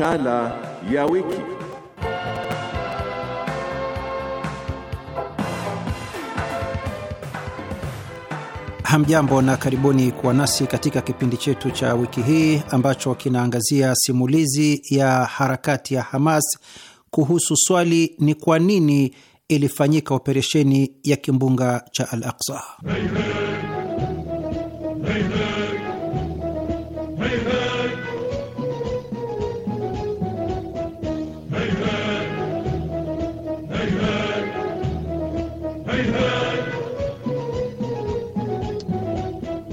Makala ya wiki. Hamjambo na karibuni kuwa nasi katika kipindi chetu cha wiki hii ambacho kinaangazia simulizi ya harakati ya Hamas kuhusu swali ni kwa nini ilifanyika operesheni ya kimbunga cha Al-Aqsa.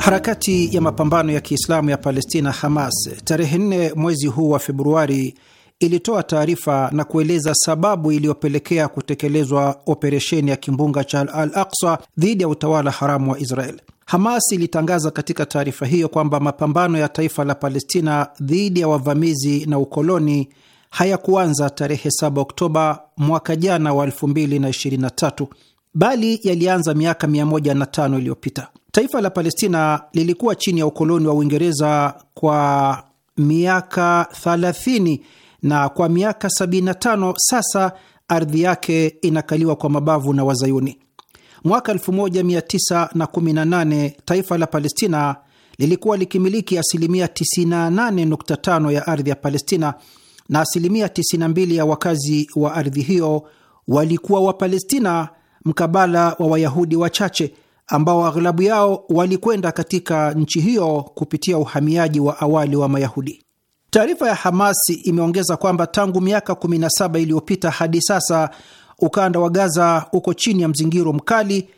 Harakati ya mapambano ya Kiislamu ya Palestina, Hamas, tarehe 4 mwezi huu wa Februari ilitoa taarifa na kueleza sababu iliyopelekea kutekelezwa operesheni ya kimbunga cha Al Aqsa dhidi ya utawala haramu wa Israel. Hamas ilitangaza katika taarifa hiyo kwamba mapambano ya taifa la Palestina dhidi ya wavamizi na ukoloni hayakuanza tarehe 7 Oktoba mwaka jana wa 2023 bali yalianza miaka 105 iliyopita. Taifa la Palestina lilikuwa chini ya ukoloni wa Uingereza kwa miaka 30 na kwa miaka 75 sasa ardhi yake inakaliwa kwa mabavu na Wazayuni. Mwaka 1918 taifa la Palestina lilikuwa likimiliki asilimia 98.5 ya ardhi ya Palestina na asilimia 92 ya wakazi wa ardhi hiyo walikuwa Wapalestina mkabala wa Wayahudi wachache ambao aghlabu yao walikwenda katika nchi hiyo kupitia uhamiaji wa awali wa Mayahudi. Taarifa ya hamas imeongeza kwamba tangu miaka 17 iliyopita hadi sasa ukanda wa Gaza uko chini ya mzingiro mkali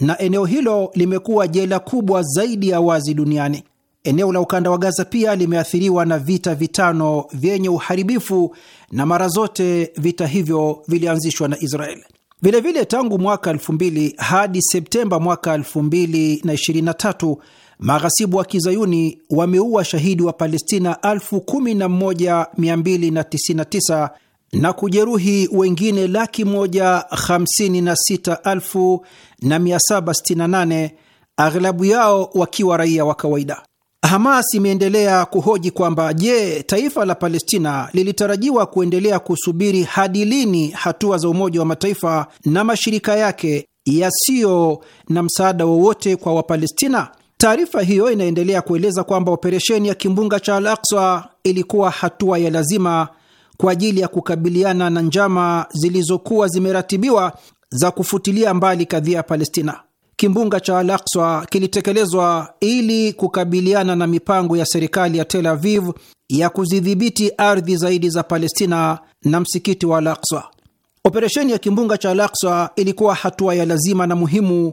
na eneo hilo limekuwa jela kubwa zaidi ya wazi duniani. Eneo la ukanda wa Gaza pia limeathiriwa na vita vitano vyenye uharibifu, na mara zote vita hivyo vilianzishwa na Israeli. Vilevile, tangu mwaka 2000 hadi Septemba mwaka 2023 maghasibu wa kizayuni wameua shahidi wa Palestina 11299 na kujeruhi wengine laki 156768 aghlabu yao wakiwa raia wa kawaida. Hamas imeendelea kuhoji kwamba je, taifa la Palestina lilitarajiwa kuendelea kusubiri hadi lini hatua za Umoja wa Mataifa na mashirika yake yasiyo na msaada wowote kwa Wapalestina? Taarifa hiyo inaendelea kueleza kwamba operesheni ya kimbunga cha Al Aksa ilikuwa hatua ya lazima kwa ajili ya kukabiliana na njama zilizokuwa zimeratibiwa za kufutilia mbali kadhia ya Palestina. Kimbunga cha Al Aqsa kilitekelezwa ili kukabiliana na mipango ya serikali ya Tel Aviv ya kuzidhibiti ardhi zaidi za Palestina na msikiti wa Al Aqsa. Operesheni ya Kimbunga cha Al Aqsa ilikuwa hatua ya lazima na muhimu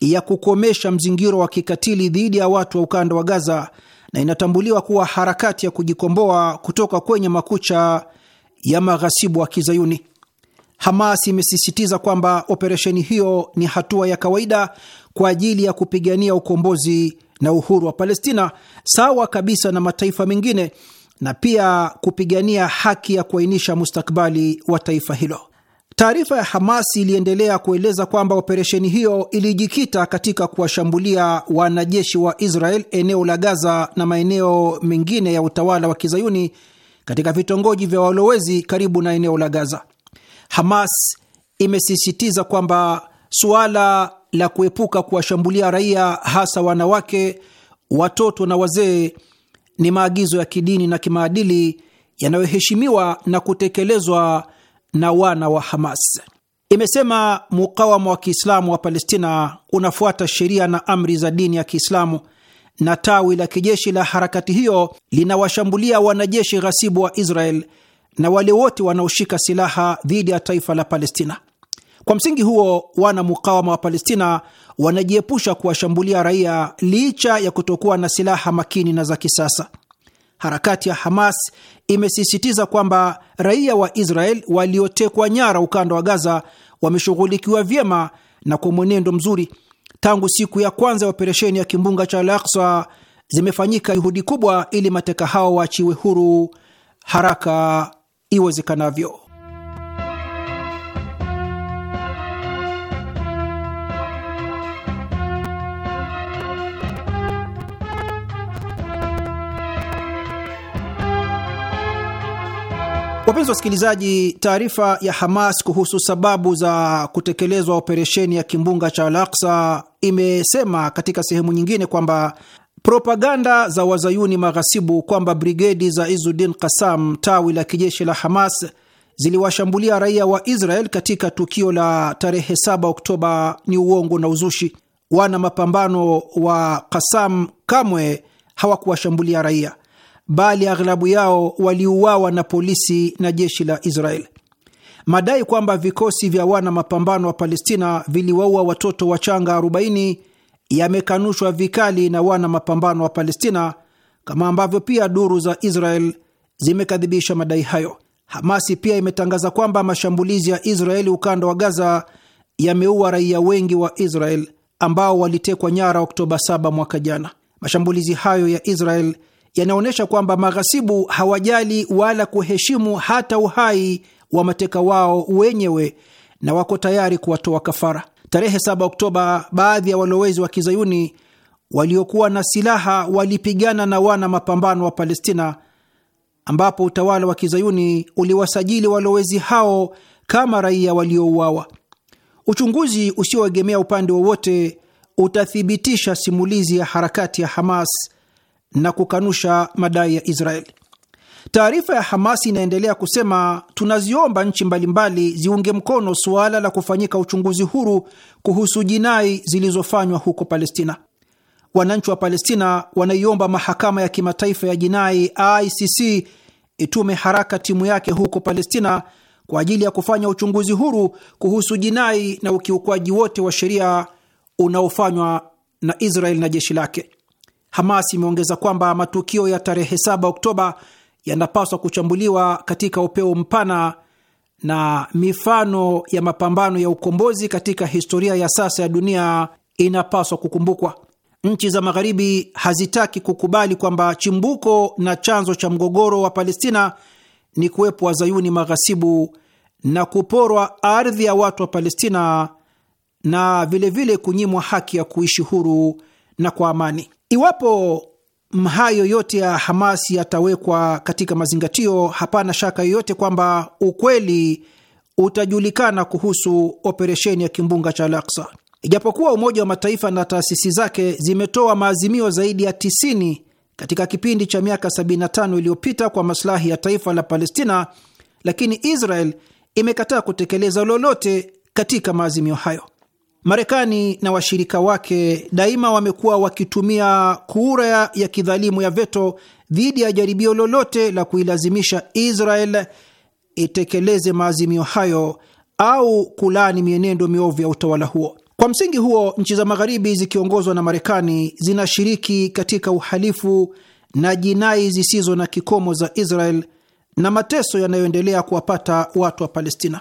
ya kukomesha mzingiro wa kikatili dhidi ya watu wa ukanda wa Gaza na inatambuliwa kuwa harakati ya kujikomboa kutoka kwenye makucha ya maghasibu wa Kizayuni. Hamas imesisitiza kwamba operesheni hiyo ni hatua ya kawaida kwa ajili ya kupigania ukombozi na uhuru wa Palestina, sawa kabisa na mataifa mengine, na pia kupigania haki ya kuainisha mustakbali wa taifa hilo. Taarifa ya Hamas iliendelea kueleza kwamba operesheni hiyo ilijikita katika kuwashambulia wanajeshi wa Israel eneo la Gaza na maeneo mengine ya utawala wa kizayuni katika vitongoji vya walowezi karibu na eneo la Gaza. Hamas imesisitiza kwamba suala la kuepuka kuwashambulia raia, hasa wanawake, watoto na wazee, ni maagizo ya kidini na kimaadili yanayoheshimiwa na kutekelezwa na wana wa Hamas. Imesema mukawama wa Kiislamu wa Palestina unafuata sheria na amri za dini ya Kiislamu, na tawi la kijeshi la harakati hiyo linawashambulia wanajeshi ghasibu wa Israel na wale wote wanaoshika silaha dhidi ya taifa la Palestina. Kwa msingi huo, wana mukawama wa Palestina wanajiepusha kuwashambulia raia licha ya kutokuwa na silaha makini na za kisasa. Harakati ya Hamas imesisitiza kwamba raia wa Israel waliotekwa nyara ukanda wa Gaza wameshughulikiwa vyema na kwa mwenendo mzuri. Tangu siku ya kwanza ya operesheni ya kimbunga cha Al-Aqsa zimefanyika juhudi kubwa ili mateka hao waachiwe huru haraka iwezekanavyo. Wapenzi wasikilizaji, taarifa ya Hamas kuhusu sababu za kutekelezwa operesheni ya kimbunga cha Al-Aqsa imesema katika sehemu nyingine kwamba Propaganda za wazayuni maghasibu kwamba brigedi za Izudin Kasam, tawi la kijeshi la Hamas, ziliwashambulia raia wa Israel katika tukio la tarehe 7 Oktoba ni uongo na uzushi. Wana mapambano wa Kasam kamwe hawakuwashambulia raia, bali aghlabu yao waliuawa na polisi na jeshi la Israel. Madai kwamba vikosi vya wana mapambano wa Palestina viliwaua watoto wachanga 40 yamekanushwa vikali na wana mapambano wa Palestina, kama ambavyo pia duru za Israel zimekadhibisha madai hayo. Hamasi pia imetangaza kwamba mashambulizi ya Israeli ukanda wa Gaza yameua raia wengi wa Israel ambao walitekwa nyara Oktoba 7 mwaka jana. Mashambulizi hayo ya Israel yanaonyesha kwamba maghasibu hawajali wala kuheshimu hata uhai wa mateka wao wenyewe na wako tayari kuwatoa kafara. Tarehe 7 Oktoba, baadhi ya walowezi wa kizayuni waliokuwa na silaha walipigana na wana mapambano wa Palestina, ambapo utawala wa kizayuni uliwasajili walowezi hao kama raia waliouawa. Uchunguzi usioegemea upande wowote utathibitisha simulizi ya harakati ya Hamas na kukanusha madai ya Israeli. Taarifa ya Hamasi inaendelea kusema, tunaziomba nchi mbalimbali ziunge mkono suala la kufanyika uchunguzi huru kuhusu jinai zilizofanywa huko Palestina. Wananchi wa Palestina wanaiomba mahakama ya kimataifa ya jinai ICC itume haraka timu yake huko Palestina kwa ajili ya kufanya uchunguzi huru kuhusu jinai na ukiukwaji wote wa sheria unaofanywa na Israel na jeshi lake. Hamas imeongeza kwamba matukio ya tarehe 7 Oktoba yanapaswa kuchambuliwa katika upeo mpana na mifano ya mapambano ya ukombozi katika historia ya sasa ya dunia inapaswa kukumbukwa. Nchi za Magharibi hazitaki kukubali kwamba chimbuko na chanzo cha mgogoro wa Palestina ni kuwepo wazayuni maghasibu na kuporwa ardhi ya watu wa Palestina na vilevile kunyimwa haki ya kuishi huru na kwa amani. Iwapo hayo yote ya Hamas yatawekwa katika mazingatio. Hapana shaka yoyote kwamba ukweli utajulikana kuhusu operesheni ya kimbunga cha Al-Aqsa. Ijapokuwa Umoja wa Mataifa na taasisi zake zimetoa maazimio zaidi ya 90 katika kipindi cha miaka 75 iliyopita kwa masilahi ya taifa la Palestina, lakini Israel imekataa kutekeleza lolote katika maazimio hayo. Marekani na washirika wake daima wamekuwa wakitumia kura ya kidhalimu ya veto dhidi ya jaribio lolote la kuilazimisha Israel itekeleze maazimio hayo au kulaani mienendo miovu ya utawala huo. Kwa msingi huo, nchi za Magharibi zikiongozwa na Marekani zinashiriki katika uhalifu na jinai zisizo na kikomo za Israel na mateso yanayoendelea kuwapata watu wa Palestina.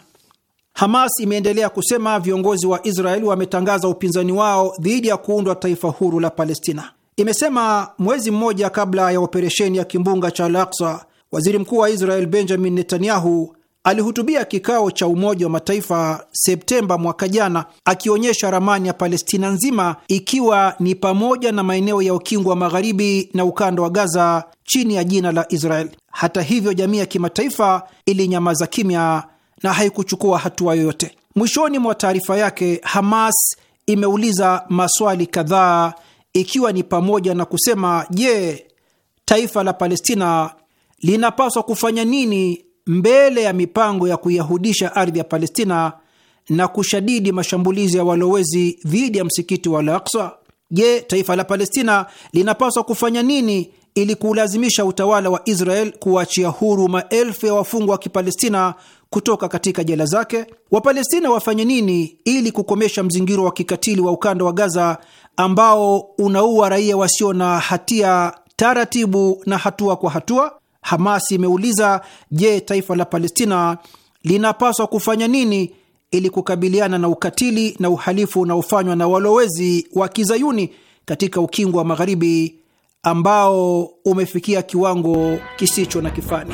Hamas imeendelea kusema viongozi wa Israeli wametangaza upinzani wao dhidi ya kuundwa taifa huru la Palestina. Imesema mwezi mmoja kabla ya operesheni ya kimbunga cha Al-Aqsa, waziri mkuu wa Israel Benjamin Netanyahu alihutubia kikao cha Umoja wa Mataifa Septemba mwaka jana, akionyesha ramani ya Palestina nzima ikiwa ni pamoja na maeneo ya ukingo wa magharibi na ukanda wa Gaza chini ya jina la Israel. Hata hivyo, jamii ya kimataifa ilinyamaza kimya na haikuchukua hatua yoyote. Mwishoni mwa taarifa yake, Hamas imeuliza maswali kadhaa, ikiwa ni pamoja na kusema, je, taifa la Palestina linapaswa kufanya nini mbele ya mipango ya kuyahudisha ardhi ya Palestina na kushadidi mashambulizi ya walowezi dhidi ya msikiti wa Al-Aqsa? Je, taifa la Palestina linapaswa kufanya nini ili kuulazimisha utawala wa Israel kuachia huru maelfu ya wafungwa wa Kipalestina kutoka katika jela zake? Wapalestina wafanye nini ili kukomesha mzingiro wa kikatili wa ukanda wa Gaza ambao unaua raia wasio na hatia taratibu na hatua kwa hatua? Hamas imeuliza, je, taifa la Palestina linapaswa kufanya nini ili kukabiliana na ukatili na uhalifu unaofanywa na walowezi wa kizayuni katika ukingo wa magharibi ambao umefikia kiwango kisicho na kifani?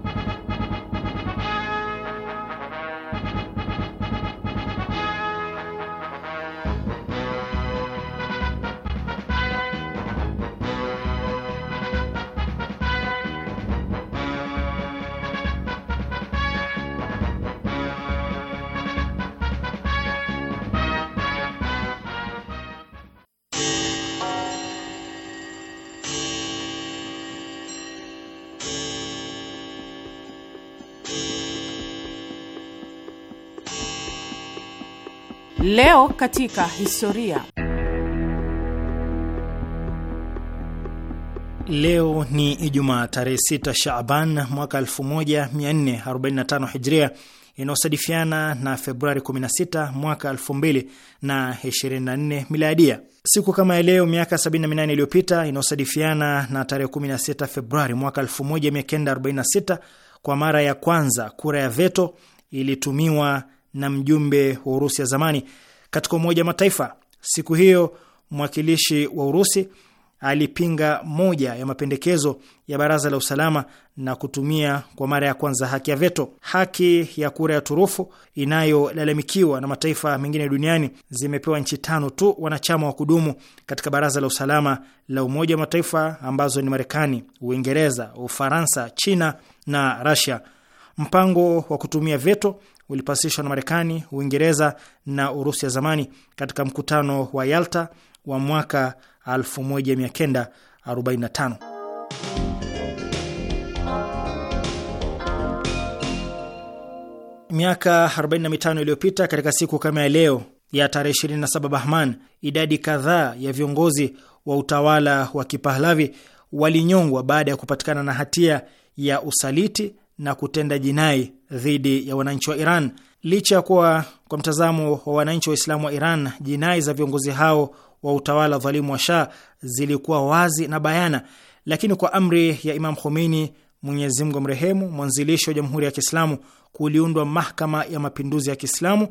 Leo katika historia. Leo ni Ijumaa tarehe 6 Shaban mwaka 1445 Hijria, inayosadifiana na Februari 16 mwaka 2024 Miladia. Siku kama ya leo miaka 78 iliyopita, inayosadifiana na tarehe 16 Februari mwaka 1946, kwa mara ya kwanza kura ya veto ilitumiwa na mjumbe wa Urusi ya zamani katika Umoja wa Mataifa. Siku hiyo mwakilishi wa Urusi alipinga moja ya mapendekezo ya Baraza la Usalama na kutumia kwa mara ya kwanza haki ya veto. Haki ya kura ya turufu inayolalamikiwa na mataifa mengine duniani zimepewa nchi tano tu wanachama wa kudumu katika Baraza la Usalama la Umoja wa Mataifa ambazo ni Marekani, Uingereza, Ufaransa, China na Rasia. Mpango wa kutumia veto ulipasishwa na Marekani, Uingereza na Urusi ya zamani katika mkutano wa Yalta wa mwaka 1945. Miaka 45 iliyopita katika siku kama ya leo ya tarehe 27 Bahman, idadi kadhaa ya viongozi wa utawala wa Kipahlavi walinyongwa baada ya kupatikana na hatia ya usaliti na kutenda jinai dhidi ya wananchi wa Iran. Licha ya kuwa kwa mtazamo wa wananchi wa Islamu wa Iran, jinai za viongozi hao wa utawala dhalimu wa Shah zilikuwa wazi na bayana, lakini kwa amri ya Imam Khomeini, Mwenyezi Mungu amrehemu, mwanzilishi wa Jamhuri ya Kiislamu, kuliundwa Mahakama ya Mapinduzi ya Kiislamu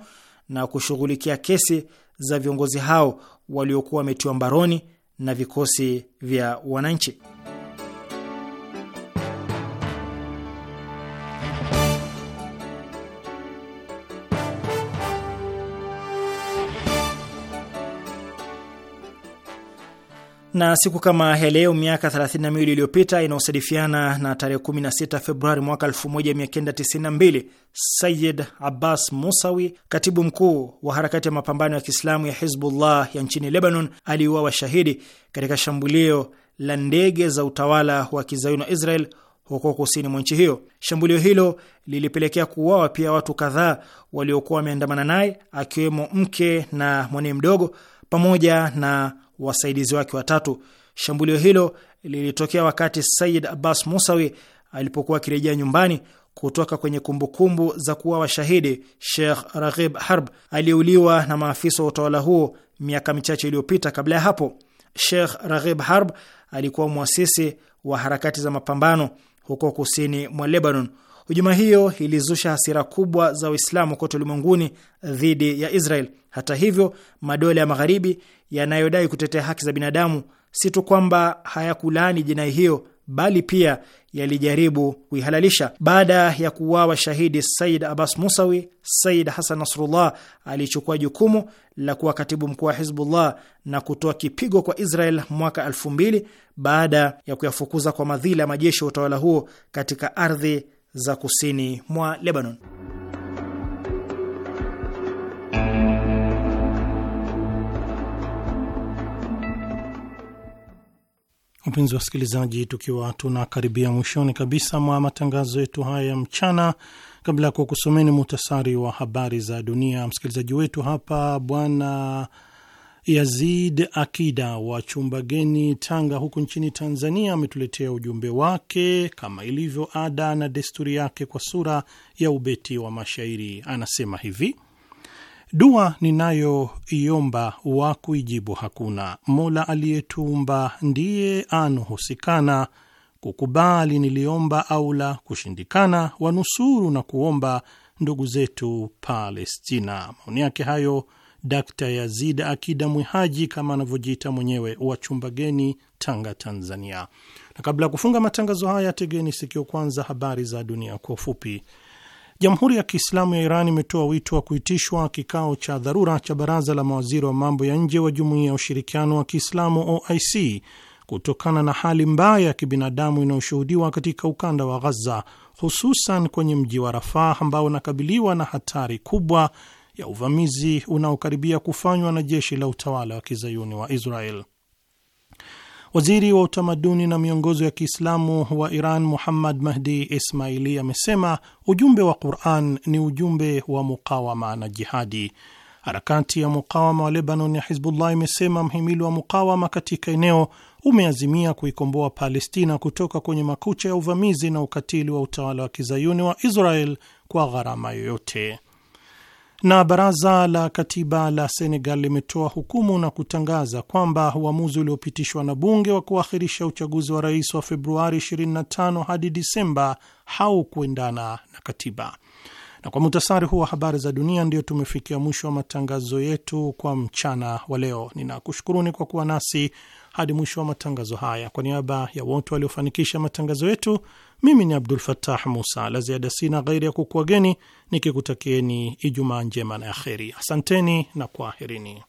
na kushughulikia kesi za viongozi hao waliokuwa wametiwa mbaroni na vikosi vya wananchi. Na siku kama ya leo miaka 32 iliyopita inaosadifiana na tarehe 16 Februari mwaka 1992, Sayid Abbas Musawi, katibu mkuu wa harakati ya mapambano ya Kiislamu ya Hizbullah ya nchini Lebanon, aliuawa shahidi katika shambulio la ndege za utawala wa kizayuni wa Israel huko kusini mwa nchi hiyo. Shambulio hilo lilipelekea kuuawa pia watu kadhaa waliokuwa wameandamana naye, akiwemo mke na mwanae mdogo pamoja na wasaidizi wake watatu. Shambulio hilo lilitokea wakati Said Abbas Musawi alipokuwa akirejea nyumbani kutoka kwenye kumbukumbu kumbu za kuwa washahidi Sheikh Raghib Harb aliyeuliwa na maafisa wa utawala huo miaka michache iliyopita. Kabla ya hapo, Sheikh Raghib Harb alikuwa mwasisi wa harakati za mapambano huko kusini mwa Lebanon. Hujuma hiyo ilizusha hasira kubwa za uislamu kote ulimwenguni dhidi ya Israel. Hata hivyo, madola ya Magharibi yanayodai kutetea haki za binadamu si tu kwamba hayakulaani jinai hiyo, bali pia yalijaribu kuihalalisha. Baada ya kuuawa shahidi Said Abbas Musawi, Said Hasan Nasrullah alichukua jukumu la kuwa katibu mkuu wa Hizbullah na kutoa kipigo kwa Israel mwaka elfu mbili baada ya kuyafukuza kwa madhila ya majeshi ya utawala huo katika ardhi za kusini mwa Lebanon. Mpenzi wa wasikilizaji, tukiwa tunakaribia mwishoni kabisa mwa matangazo yetu haya ya mchana, kabla ya kukusomeni muhtasari wa habari za dunia, msikilizaji wetu hapa bwana Yazid Akida wa Chumbageni, Tanga huku nchini Tanzania ametuletea ujumbe wake kama ilivyo ada na desturi yake kwa sura ya ubeti wa mashairi. Anasema hivi: dua ninayoiomba wa kuijibu hakuna, Mola aliyetuumba ndiye anuhusikana, kukubali niliomba au la kushindikana, wanusuru na kuomba ndugu zetu Palestina. Maoni yake hayo Dkt Yazid Akida Mwihaji kama anavyojiita mwenyewe wa Chumbageni, Tanga, Tanzania. Na kabla ya kufunga matangazo haya, tegeni sikio kwanza habari za dunia kwa ufupi. Jamhuri ya Kiislamu ya Iran imetoa wito wa kuitishwa kikao cha dharura cha baraza la mawaziri wa mambo ya nje wa Jumuiya ya Ushirikiano wa Kiislamu OIC kutokana na hali mbaya ya kibinadamu inayoshuhudiwa katika ukanda wa Ghaza, hususan kwenye mji wa Rafah ambao unakabiliwa na hatari kubwa ya uvamizi unaokaribia kufanywa na jeshi la utawala wa kizayuni wa Israel. Waziri wa utamaduni na miongozo ya Kiislamu wa Iran Muhammad Mahdi Ismaili amesema ujumbe wa Quran ni ujumbe wa mukawama na jihadi. Harakati ya mukawama wa Lebanon ya Hizbullah imesema mhimili wa mukawama katika eneo umeazimia kuikomboa Palestina kutoka kwenye makucha ya uvamizi na ukatili wa utawala wa kizayuni wa Israel kwa gharama yoyote. Na baraza la katiba la Senegal limetoa hukumu na kutangaza kwamba uamuzi uliopitishwa na bunge wa kuahirisha uchaguzi wa rais wa Februari 25 hadi Disemba haukuendana na katiba. Na kwa mutasari huu wa habari za dunia, ndio tumefikia mwisho wa matangazo yetu kwa mchana wa leo. Ninakushukuruni kwa kuwa nasi hadi mwisho wa matangazo haya. Kwa niaba ya wote waliofanikisha matangazo yetu, mimi ni Abdul Fattah Musa. La ziada sina ghairi ya kukuageni nikikutakieni Ijumaa njema na ya kheri. Asanteni na kwaherini.